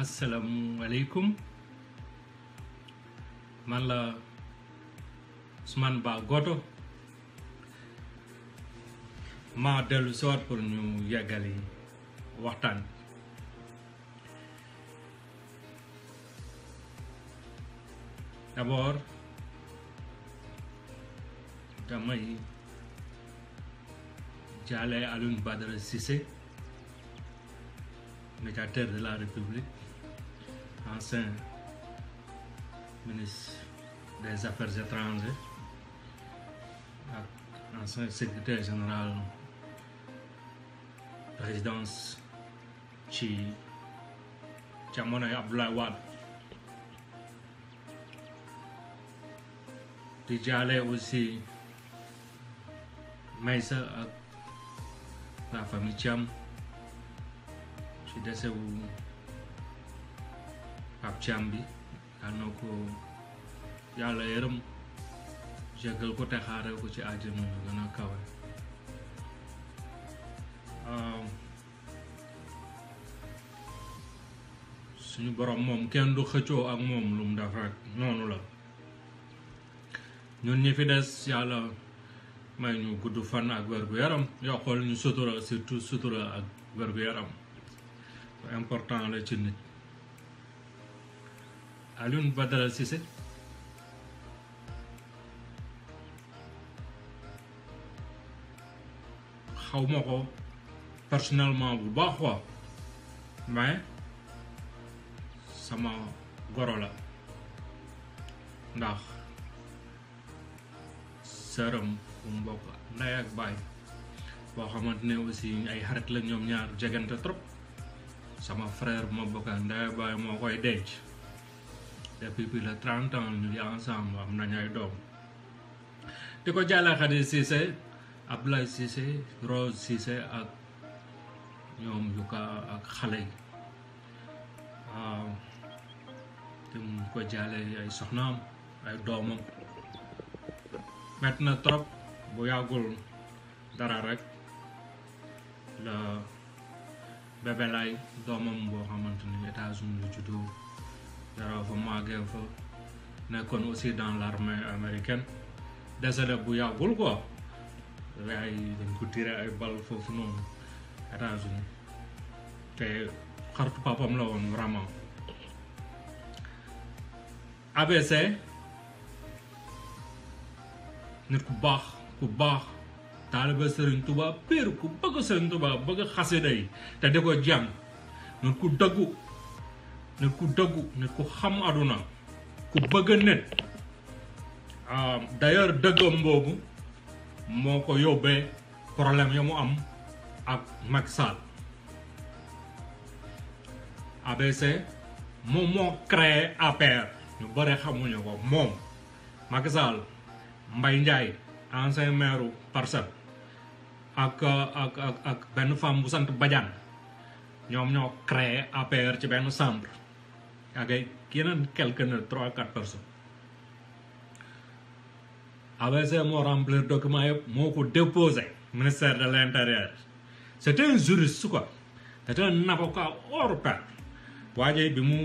असलकुम man la Ousmane Ba Goto ma dellu si waat pour ñu yàggali waxtaan d'abord damay jaale Alioune Badara Cissé médiateur de la République ancien ministre des Affaires étrangères ancien secrétaire général de présidence de jamonoy Abdoulaye Je di allé aussi Maysa avec la famille Tcham. Je suis ab Thiam bi yal na ko yàlla yërëm jéggal ko te ko ci àjjana yu gën a kawe suñu borom moom kenn du xëccoo ak moom lu mu def noonu la ñun ñi fi des yàlla may ñu gudd fan ak wér-gu-yaram yokkal ñu sutura surtout sutura ak wér-gu-yaram important la ci nit Alun Badara Cissé xaw ma ko personnellement bu baax mais sama gorola, la ndax sëram bu mu bokk ndey ak ne aussi ay xarit la ñoom ñaar jegante trop sama frère bu ma Bay ndey ak baay koy denc depuis plus la trente ans ñu ngi am nañu ay doom di ko jàlla Khady ab Abdoulaye Cissé Rose Cissé ak ñoom yu ak xale yi te mu ko jàlle ay soxnaam ay doomam mett na trop bu yàggul dara rek la bébé lay doomam boo xamante ni la juddoo dara aussi dans l'armée américaine désolé bu yàggul quoi ay bal foofu noonu états-unis te papam la woon vraiment abc nit ku baax tuba pire ku bëgg sëriñ tuba bëgg xasida yi te di ko jàng nit ku dëggu ne ku dëggu ne ku xam aduna ku bëgg nit ah, d'ailleurs dëggam boobu moo ko problème ya am ak Macky Sall ABC moom mo créé APR ñu bëri xamuñu ko mom Macky Sall Mbaye Ndiaye ancien maire Parcelles ak ak ak ak benn femme bu sante Badiane ñom ñoo créé APR ci ben centre avec yeneen quelques ne trois quatre personnes ABC moo remplir document yëpp moo ko déposé ministère de l' intérieur c' était un juriste quoi c' était un avocat hors bi mu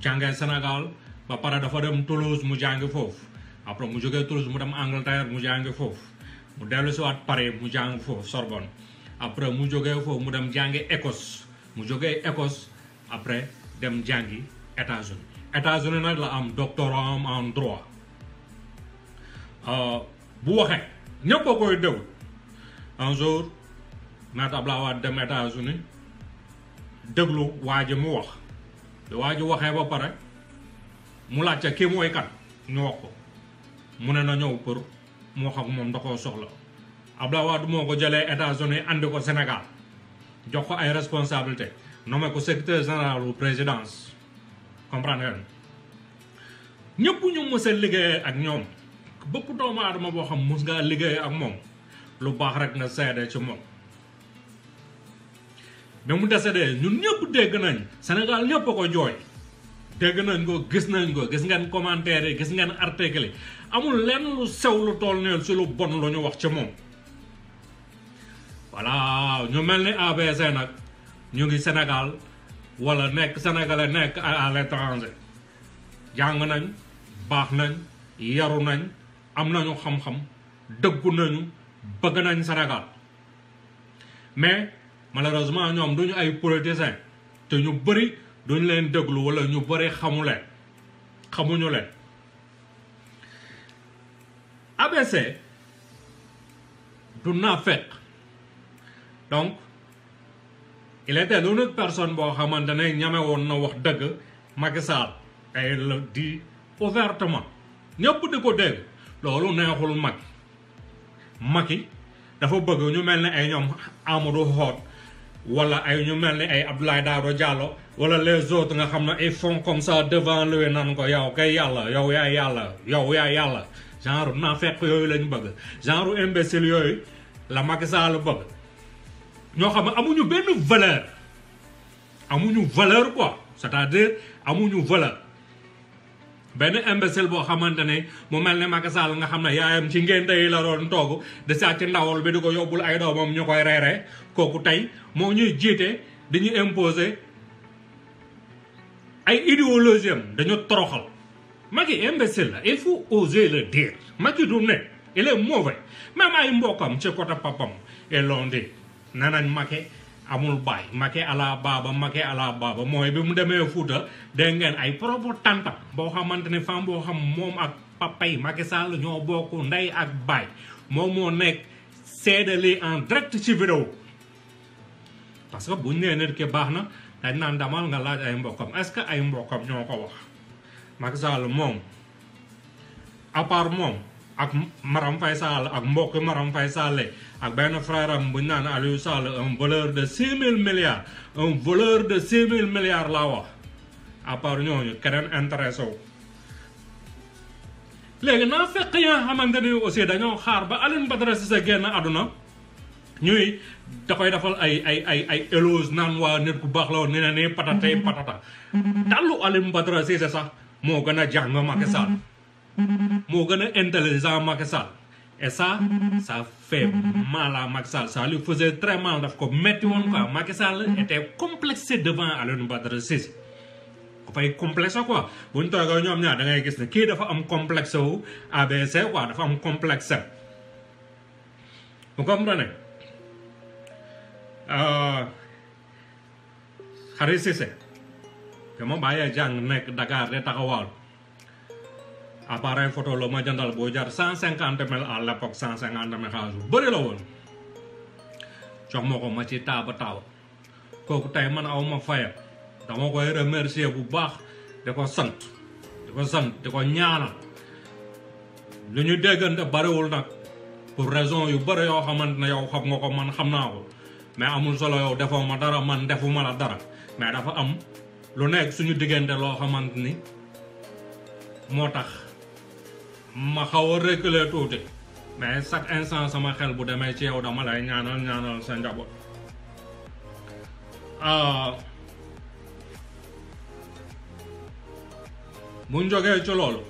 jàngee Sénégal ba pare dafa dem Toulouse mu jàngi foofu après mu jógee Toulouse mu dem Angleterre mu jàngi foofu mu dellu si waat mu jàngi foofu Sorbonne après dem jàngi Écosse mu jógee Écosse après dem jàngi États-Unis États-Unis nag la am doctorat am en droit euh, bu waxee ñëpp a koy déglu un jour Maître Abdoulaye Wade dem États-Unis déglu waa ji mu wax te waa ji waxee ba pare mu laajte kii mooy kan ñu wax ko mu ne na ñëw pour mu wax ak moom da koo soxla Abdoulaye Wade moo ko jëlee États-Unis andi ko Sénégal jox ko ay responsabilité não me consegue ter zana o presidente comprando não punho mas ele liga a nion porque o homem arma o homem musga liga a mão o barra na saída de mão bem muita saída não não pode ganhar se não ganhar não pode jogar Dengan go gisnan go gisngan komander gisngan artikel, amu lain lu seulu tol ni lu seulu bon lu nyuwak cemong. Walau nyomel ni abe saya nak ñu ngi Sénégal wala nekk sénégalais nekk à l'étranger jàng nañ baax nañ yaru nañ am nañu xam-xam dëggu nañu bëgg nañu Sénégal mais malheureusement ñoom duñu ay politiciens te ñu bëri duñ leen déglu wala ñu bëri xamu leen xamuñu leen ABC du naafeq donc il était l'unique personne boo xamante ne ñame woon na wax dëgg Macky Sall ay la di ouvertement ñëpp di ko dégg loolu neexul Macky Macky dafa bëgg ñu mel ni ay ñoom Amadou Hott wala ay ñu mel ni ay Abdoulaye Daouda Diallo wala les autres nga xam ne ils font comme ça devant lui nan ko yow kay yàlla yow yaa yàlla yow yaa yàlla genre naa fekk yooyu lañ bëgg genre imbécile yooyu la Macky Sall bëgg ñoo xam ne amuñu benn valeur amuñu valeur quoi c'est-à-dire amuñu valeur benn imbécile boo xamante ne mu mel ne Macky Sall nga xam ne yaayam ci ngénte yi la doon toog di sàcc ndawal bi di ko yóbbul ay doomam ñu koy reere kooku tey moo ñuy jiite dañuy imposer ay idéologie am dañu toroxal Macky imbécile la il faut oser le dire Macky du ne il est mauvais même ay mbokkam ci côté papam et l'on dit nanan make amul baay make ala baaba make mooy bi mu demee Fuuta dégg ay propre boo xamante ne femme boo xam moom ak papay Macky ñoo bokk ndey ak baay moom moo nekk seedali en direct ci vidéo parce que buñ nee nit ki baax na dañ naan damal nga laaj ay mbokkam est que ay mbokkam ñoo ko wax Macky moom à part moom ak Maram faisal ak mbok Maram faisal ak ben frère am bu ñu Aliou Sall un voleur de 6000 milliards un voleur de 6000 milliards la wax à part ñooñu keneen intéressé légui na fekk yi aussi dañu xaar ba sa genn aduna ñuy da koy dafal ay ay ay ay éloge nan wa nit ku bax law nena patata patata dalu Mogan entel za makasal. Esa sa fe mala makasal. Sa lu fuze tre mal ko meti wan ka makasal ete komplekse devan alon badre sis. Ko fai komplekse kwa. Bun to ga nyom nyada ngai kisne. Ki da fa am komplekse wu. A be se wa da fa am komplekse. Mogan mra ne. Euh, Hari sis e. Kemo bayar jang nek dakar retakawal. appareil photo la ma jëndal boo jar cent cinquante mille à l'époque cent cinquante bu bëri la woon jox ma ko ma ci taaba taaba kooku tey man aw ma fayal dama koy remercier bu baax di ko sant di ko sant di ko ñaanal lu ñu déggante bariwul nag pour raison yu bëri yoo xamante ne yow xam nga ko man xam naa ko mais amul solo yow defoo ma dara man defu ma la dara mais dafa am lu nekk suñu diggante loo xamante ni moo tax ma xaw a reculer tuuti mais chaque instant sama xel bu demee ci yow dama lay ñaanal ñaanal sa njaboot ah. bu ñu jógee ci loolu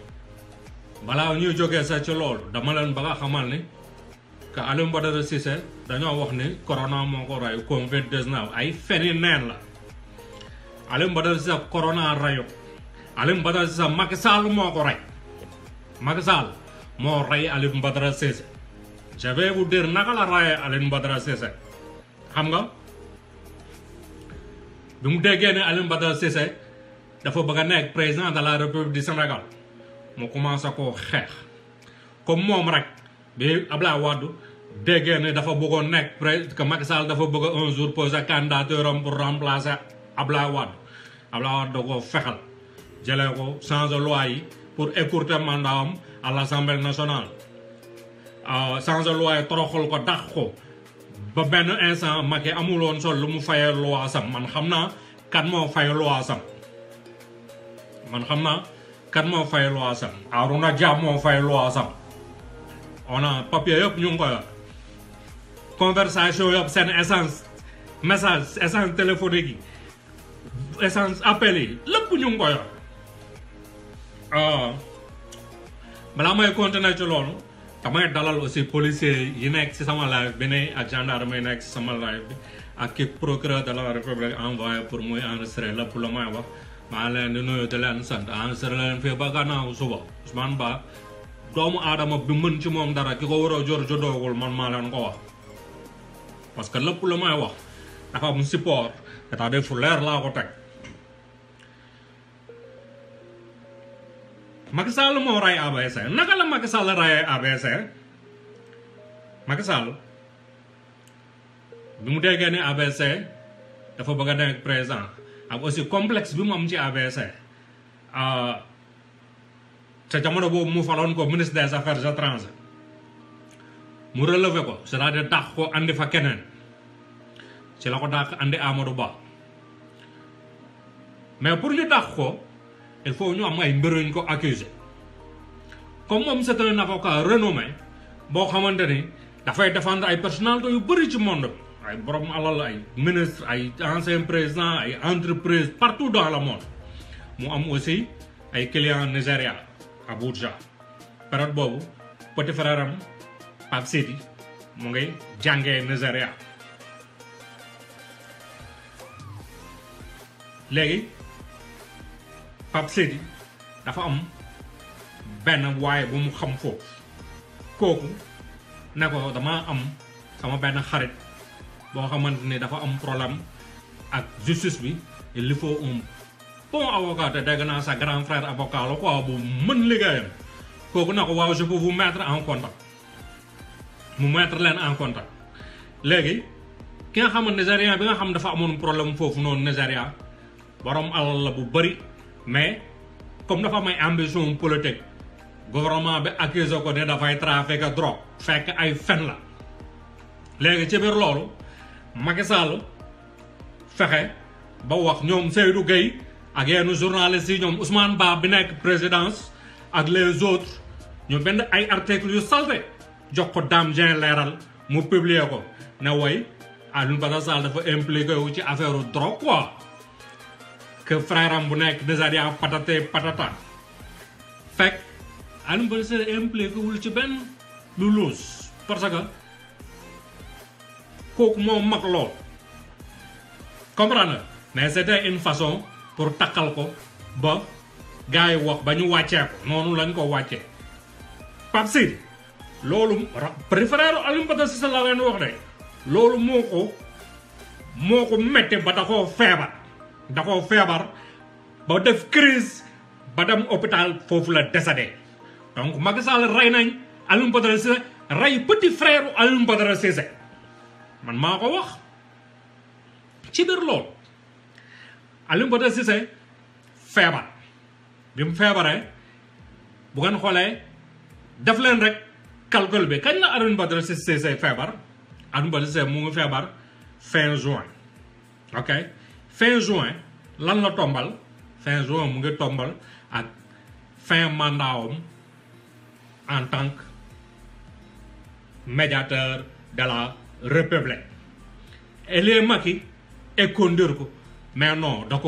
balaa ñuy jógee sa ci loolu dama leen ba nga xamal ni que Alioune Badara Cissé dañoo wax ni corona moo ko rey Covid 19 ay feni neen la Alioune Badara Cissé corona reyu Alioune Badara Cissé Macky Sall moo ko rey. Macky Sall moo rey Alioune Badara Cissé je vais vous dire naka la reyee Alioune Badara Cissé xam nga bi mu déggee ne Alioune Badara Cissé dafa bëgg a nekk président de la République du Sénégal mu commencé koo xeex comme moom rek bi Abdoulaye Wade déggee ne dafa bëggoon nekk pré que dafa bëgg un jour poser candidature am pour remplacer Abdoulaye Wade Abdoulaye Wade da koo fexal jëlee ko changer loi yi. pour écourter mandat am à l' assemblée nationale changer euh, loi yi toroxal ko dàq ko ba benn instant Macky amuloon sol lu mu fayee loi sam man xam naa kan moo fay loi sam man xam naa kan moo fay loi sam Arouna Dia moo fay conversation yëpp seen essence message essence téléphonique yi essence appel yi lépp ñu balaa may continuer ci loolu damay dalal aussi policier yi nekk ci sama live bi ne ak gendarme yi nekk ci sama live bi ak ki procureur de la république envoyé pour muy enregistré lépp lu may wax maa leen di nuyu di leen sant enregistré leen fii ba gannaaw suba Ousmane Ba doomu aadama bi mën ci moom dara ki ko waroo a jor jodoogul man maa leen ko wax parce que lépp la may wax dafa am support cest à fu leer laa ko teg Macky Sall moo ray APS naka la Macky Sall rayee APS bi mu déggee ne APS dafa bëgg a nekk président ak aussi complexe bi mu am ci APS euh, te jamono boobu mu faloon ko ministre des affaires étrangères mu relevé ko c'est-à-dire dàq ko andi fa keneen ci la ko dàq andi Amadou Ba mais pour ñu dàq ko. il faut ñu am ay mbir yuñ ko accuser comme moom c'est un renommé boo xamante ni dafay défendre ay personnalités yu bëri ci monde bi ay borom alal ay ministre ay ancien président ay entreprise partout dans le monde mu am aussi ay clients Nigéria Abuja période boobu petit frère am mu ngi jàngee Nigéria léegi Pape Seydi dafa am ben way bu mu xam fo koku nako dama am sama ben xarit bo xamantene dafa am problème ak justice bi il faut un bon avocat da dégg sa grand frère avocat lo ko bu mën ligayam koku nako ko waaw je peux vous mettre en contact mu mettre len en contact léegi ki nga xamantene Nigéria bi nga xam dafa amone problème fofu non Nigéria borom alal la bu bari mais comme dafa may ambition politique gouvernement bi accuse ko ne dafay trafiquer drogue fekk ay fen la léegi ci biir loolu Macky fexe ba wax ñoom Seydou Gueye ak yenn journalistes yi ñoom Ousmane Ba bi nekk présidence ak les autres ñu benn ay articles yu salte jox ko Dame Dieng leeral mu publier ko ne woy Alioune Badara Sall dafa impliqué ci affaire drogue quoi bu nek de dezaria patate patata. anu bu se emple wul ci ben lulus. Parsaga. Kok mau lo comprendre Mais c'était une façon pour takal ko ba gaay wax bañu wacce ko nonu lañ ko wacce Pape Sidi loolu préféré Alioune Badara Cissé laa leen wax de loolu moko ko ba da koo dafa feebar ba def crise ba dem hôpital foofu la décédé donc Macky Sall rey nañ Alioune Badara Cissé rey petit frère Alioune Badara man maa ko wax ci biir loolu Alioune Badara feebar bi mu feebaree bu ngeen xoolee def leen rek calcul bi kañ la Alioune Badara Cissé feebar Alioune Badara Cissé mu ngi feebar fin juin ok fin juin lan la tombal fin juin mu ngi tombal ak fin mandat en tant que médiateur de la république et les et écondir ko mais non donc,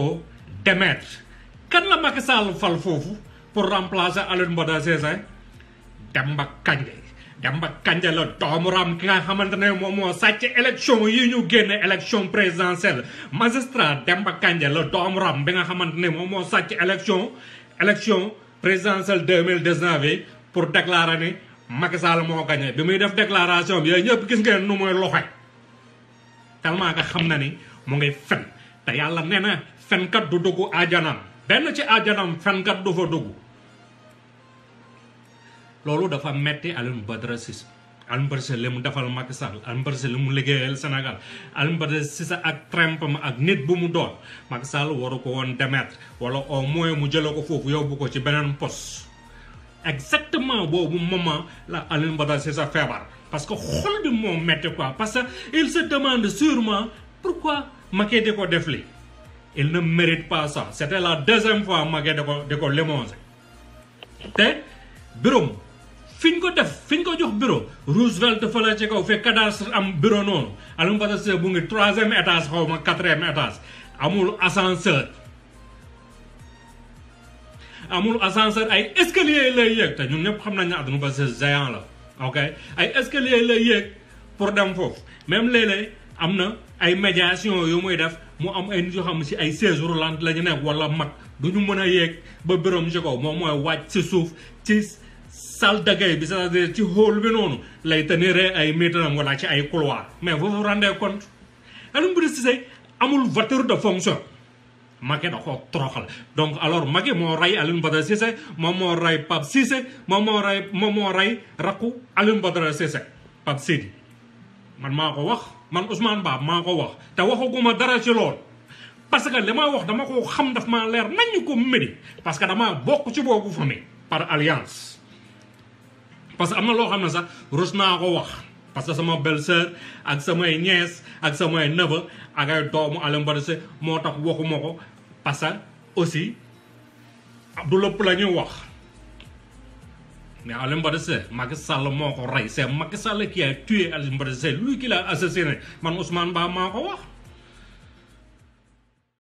démettre kan la Macky Sall fal pour remplacer Alain Mbodj Sèye Demba Kandé. Demba Kanja la doomu raam ki nga xamante ne moom moo sàcc élection yi ñu génn élection présidentielle magistrat Demba Kanja la doomu raam bi nga xamante ne moom moo sàcc élection élection présidentielle 2019 pour déclarer ne Macky Sall moo gagné bi muy def déclaration bi yooyu ñëpp gis ngeen nu muy loxe tellement que xam na ni mu ngi fen te yàlla nee na fenkat du dugg àjjanam benn ci àjjanam fenkat du fa dugg loolu dafa metti alun Badara Alun Alioune Badara mu defal Macky Sall Alioune Badara Cissé li mu liggéeyal Sénégal Alioune Badara ak tramp ak nit bu mu doon Macky Sall waru ko woon démettre wala au moins mu jelo ko foofu yóbbu ko ci benen poste exactement moment la Alioune Badara Cissé parce que xol bi mo metti quoi parce que il se demande sûrement pourquoi maké de ko def li il ne mérite pas ça c'était la deuxième fois maké de ko de ko limogé té birum fi ñu ko def fi ko jox bureau Roosevelt fa la ci kaw fekk cadastre am bureau noonu Alioune Badara Cissé bu ngi troisième étage xaw ma quatrième amul ascenseur amul ascenseur ay escalier lay yéeg te ñu ñëpp xam nañ ne Alioune Badara Cissé géant la ok ay escalier lay yéeg pour dem foofu même léeg-léeg am na ay médiation yu muy def mu am ay nit yoo xam si ay chaise roulante la ñu nekk wala mag du ñu mën a yéeg ba bureau ci kaw moo mooy wàcc si suuf ci. saldagay bi cest à ci hall bi noonu lay tenir ay mètres am wala ci ay couloir mais vous vous rendez compte Aliou Mbodj Cissé amul voiture de fonction Macky da koo toroxal donc alors Macky moo rey Aliou Badara Cissé moom moo rey Pape Cissé man maa ko wax man Ousmane Ba maa ko wax te waxaguma dara ci lool parce que li ma wax dama ko xam daf maa leer nañu ko médi parce que dama bokk ci boobu famille par alliance parce que am na loo xam ne sax rus naa ko wax parce que sama belle ak samay nièce ak samay neveu ak ay doomu Alioune Badara Cissé moo tax waxuma ko parce que aussi du lëpp la ñuy wax mais Alioune Badara Cissé Macky Sall moo ko rey c'est Macky Sall qui a tué Alioune Badara Cissé lui qui l'a assassiné man Ousmane Ba maa ko wax